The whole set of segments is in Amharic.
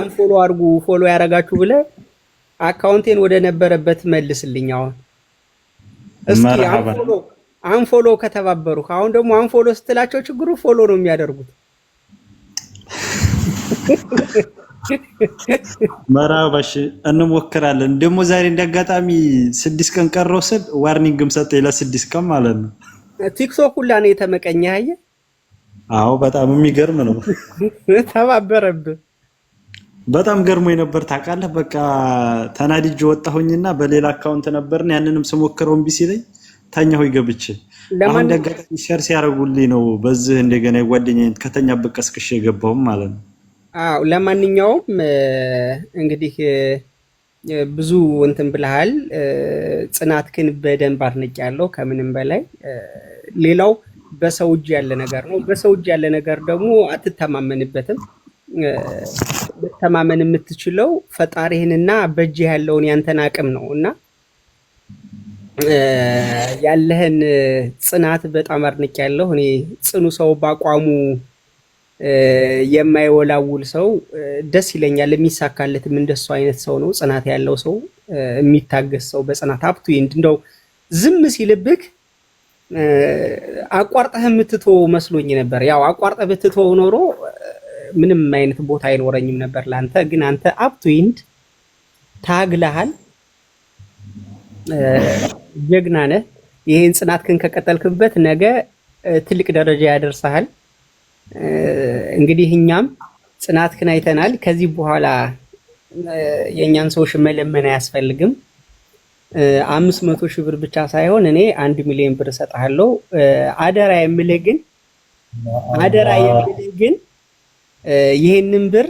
አንፎሎ አድርጉ ፎሎ ያደረጋችሁ ብለ አካውንቴን ወደ ነበረበት መልስልኝ። አሁን እስኪ አንፎሎ አንፎሎ ከተባበሩ አሁን ደግሞ አንፎሎ ስትላቸው ችግሩ ፎሎ ነው የሚያደርጉት። መራባሽ እንሞክራለን። ደግሞ ዛሬ እንዳጋጣሚ ስድስት ቀን ቀረው ስል ዋርኒንግም ለ ለስድስት ቀን ማለት ነው። ቲክቶክ ሁላ ነው የተመቀኘ። አየህ? አዎ፣ በጣም የሚገርም ነው። ተባበረብህ በጣም ገርሞ የነበር ታውቃለህ። በቃ ተናዲጅ ወጣሁኝና በሌላ አካውንት ነበርን ያንንም ስሞክረው እምቢ ሲለኝ ተኛሁ ገብቼ። አሁን እንዳጋጣሚ ሸር ሲያደርጉልኝ ነው በዚህ እንደገና የጓደኛዬን ከተኛ ቀስቅሼ የገባሁም ማለት ነው። አዎ ለማንኛውም እንግዲህ ብዙ እንትን ብለሃል። ጽናት ግን በደንብ አድንቅ ያለው ከምንም በላይ ሌላው በሰው እጅ ያለ ነገር ነው። በሰው እጅ ያለ ነገር ደግሞ አትተማመንበትም። መተማመን የምትችለው ፈጣሪህንና በእጅ ያለውን ያንተን አቅም ነው እና ያለህን ጽናት በጣም አድንቅ ያለሁ እኔ ጽኑ ሰው በአቋሙ የማይወላውል ሰው ደስ ይለኛል። የሚሳካለትም እንደሱ አይነት ሰው ነው። ጽናት ያለው ሰው፣ የሚታገስ ሰው በጽናት ሀብቱ ይንድ እንደው ዝም ሲልብክ አቋርጠህ የምትቶ መስሎኝ ነበር። ያው አቋርጠህ ብትቶ ኖሮ ምንም አይነት ቦታ አይኖረኝም ነበር ለአንተ። ግን አንተ አፕቱዊንድ ታግለሃል፣ ጀግና ነህ። ይህን ጽናትህን ከቀጠልክበት ነገ ትልቅ ደረጃ ያደርሰሃል። እንግዲህ እኛም ጽናትህን አይተናል። ከዚህ በኋላ የእኛን ሰዎች መለመን አያስፈልግም። አምስት መቶ ሺህ ብር ብቻ ሳይሆን እኔ አንድ ሚሊዮን ብር እሰጥሃለሁ። አደራ የምልህ ግን አደራ የምልህ ግን ይህንን ብር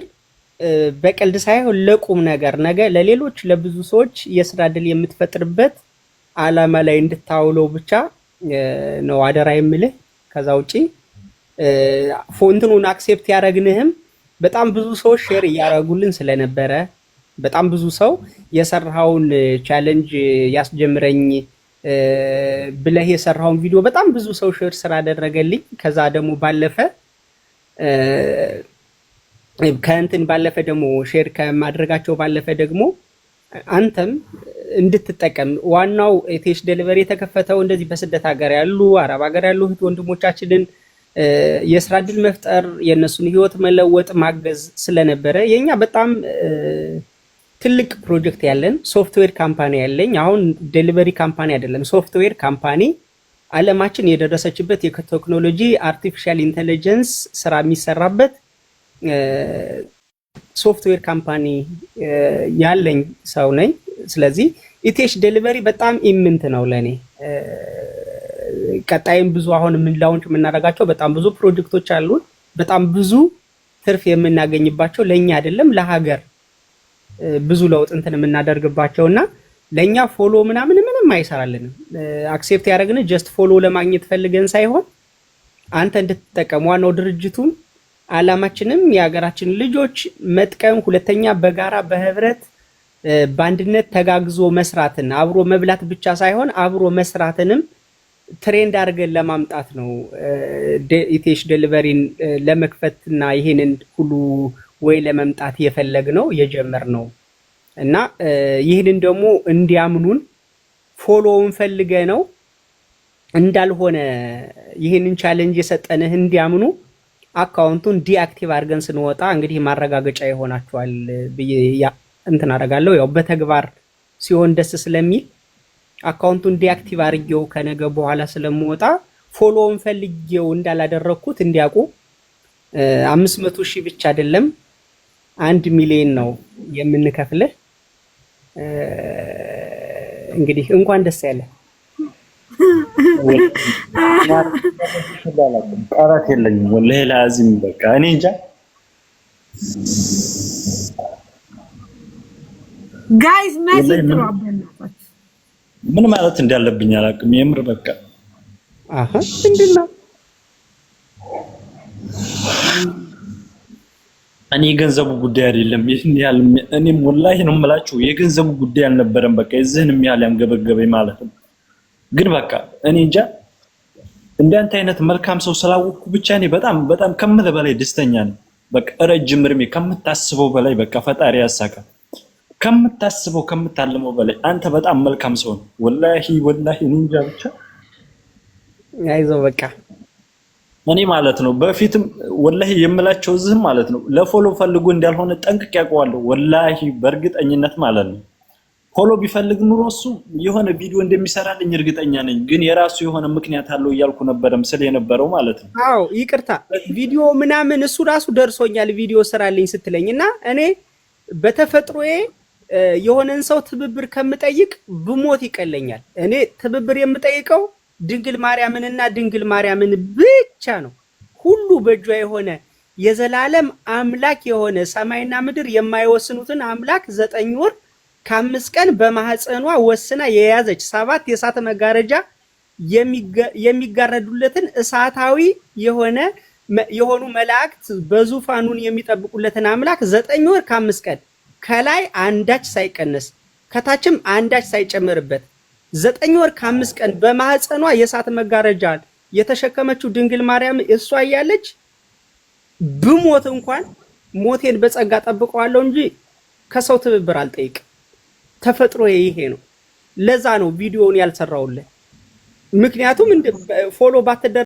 በቀልድ ሳይሆን ለቁም ነገር ነገ ለሌሎች ለብዙ ሰዎች የስራ እድል የምትፈጥርበት አላማ ላይ እንድታውለው ብቻ ነው አደራ የምልህ። ከዛ ውጪ ፎንትኑን አክሴፕት ያደረግንህም በጣም ብዙ ሰዎች ሼር እያደረጉልን ስለነበረ በጣም ብዙ ሰው የሰራውን ቻለንጅ ያስጀምረኝ ብለህ የሰራውን ቪዲዮ በጣም ብዙ ሰው ሼር ስራ አደረገልኝ። ከዛ ደግሞ ባለፈ ከእንትን ባለፈ ደግሞ ሼር ከማድረጋቸው ባለፈ ደግሞ አንተም እንድትጠቀም ዋናው ቴሽ ደሊቨሪ የተከፈተው እንደዚህ በስደት ሀገር ያሉ አረብ ሀገር ያሉ እህት ወንድሞቻችንን የስራ እድል መፍጠር የእነሱን ህይወት መለወጥ ማገዝ ስለነበረ የኛ በጣም ትልቅ ፕሮጀክት ያለን ሶፍትዌር ካምፓኒ ያለኝ አሁን ደሊቨሪ ካምፓኒ አይደለም፣ ሶፍትዌር ካምፓኒ አለማችን የደረሰችበት የቴክኖሎጂ አርቲፊሻል ኢንቴሊጀንስ ስራ የሚሰራበት ሶፍትዌር ካምፓኒ ያለኝ ሰው ነኝ። ስለዚህ ኢቴሽ ዴሊቨሪ በጣም ኢምንት ነው ለእኔ። ቀጣይም ብዙ አሁን ላውንች የምናደርጋቸው በጣም ብዙ ፕሮጀክቶች አሉን። በጣም ብዙ ትርፍ የምናገኝባቸው ለእኛ አይደለም ለሀገር ብዙ ለውጥ እንትን የምናደርግባቸው እና ለእኛ ፎሎ ምናምን ምንም አይሰራልንም። አክሴፕት ያደረግን ጀስት ፎሎ ለማግኘት ፈልገን ሳይሆን አንተ እንድትጠቀም ዋናው ድርጅቱን አላማችንም የሀገራችን ልጆች መጥቀም፣ ሁለተኛ በጋራ በህብረት በአንድነት ተጋግዞ መስራትን አብሮ መብላት ብቻ ሳይሆን አብሮ መስራትንም ትሬንድ አድርገን ለማምጣት ነው። ኢቴሽ ደሊቨሪን ለመክፈትና ይሄንን ሁሉ ወይ ለመምጣት የፈለግ ነው የጀመር ነው እና ይህንን ደግሞ እንዲያምኑን ፎሎውን ፈልገ ነው እንዳልሆነ ይህንን ቻለንጅ የሰጠንህ እንዲያምኑ አካውንቱን ዲአክቲቭ አድርገን ስንወጣ እንግዲህ ማረጋገጫ ይሆናችኋል ብዬ እንትን አደርጋለሁ። ያው በተግባር ሲሆን ደስ ስለሚል አካውንቱን ዲአክቲቭ አድርጌው ከነገ በኋላ ስለምወጣ ፎሎውን ፈልጌው እንዳላደረግኩት እንዲያውቁ። አምስት መቶ ሺህ ብቻ አይደለም አንድ ሚሊዮን ነው የምንከፍልህ። እንግዲህ እንኳን ደስ ያለ ቃላት የለኝም። በቃ እኔ እንጃ። ምን ማለት እንዳለብኝ አላውቅም። የምር በቃ አሃ እንዴት እኔ የገንዘቡ ጉዳይ አይደለም። እኔም ወላሂ ነው የምላችሁ የገንዘቡ ጉዳይ አልነበረም። በቃ የዚህንም ያህል ያንገበገበኝ ማለት ነው ግን በቃ እኔ እንጃ እንዳንተ አይነት መልካም ሰው ስላወቅኩ ብቻ እኔ በጣም በጣም ከምልህ በላይ ደስተኛ ነኝ። በቃ ረጅም እርሜ ከምታስበው በላይ በቃ ፈጣሪ ያሳካ ከምታስበው ከምታልመው በላይ አንተ በጣም መልካም ሰው ነው። ወላሂ ወላሂ እኔ እንጃ ብቻ አይዞህ በቃ እኔ ማለት ነው በፊትም ወላሂ የምላቸው እዚህም ማለት ነው ለፎሎ ፈልጉ እንዳልሆነ ጠንቅቅ ያውቀዋለሁ። ወላሂ በእርግጠኝነት ማለት ነው። ፎሎ ቢፈልግ ኑሮ እሱ የሆነ ቪዲዮ እንደሚሰራልኝ እርግጠኛ ነኝ። ግን የራሱ የሆነ ምክንያት አለው እያልኩ ነበረም ስል የነበረው ማለት ነው። አዎ ይቅርታ፣ ቪዲዮ ምናምን እሱ ራሱ ደርሶኛል። ቪዲዮ ስራልኝ ስትለኝ እና እኔ በተፈጥሮዬ የሆነን ሰው ትብብር ከምጠይቅ ብሞት ይቀለኛል። እኔ ትብብር የምጠይቀው ድንግል ማርያምንና ድንግል ማርያምን ብቻ ነው። ሁሉ በእጇ የሆነ የዘላለም አምላክ የሆነ ሰማይና ምድር የማይወስኑትን አምላክ ዘጠኝ ወር ከአምስት ቀን በማህፀኗ ወስና የያዘች ሰባት የእሳት መጋረጃ የሚጋረዱለትን እሳታዊ የሆነ የሆኑ መላእክት በዙፋኑን የሚጠብቁለትን አምላክ ዘጠኝ ወር ከአምስት ቀን ከላይ አንዳች ሳይቀነስ ከታችም አንዳች ሳይጨምርበት ዘጠኝ ወር ከአምስት ቀን በማህፀኗ የእሳት መጋረጃ የተሸከመችው ድንግል ማርያም እሷ እያለች ብሞት እንኳን ሞቴን በጸጋ ጠብቀዋለሁ እንጂ ከሰው ትብብር አልጠይቅም። ተፈጥሮ ይሄ ነው። ለዛ ነው ቪዲዮውን ያልሰራውልህ። ምክንያቱም ፎሎ ባትደ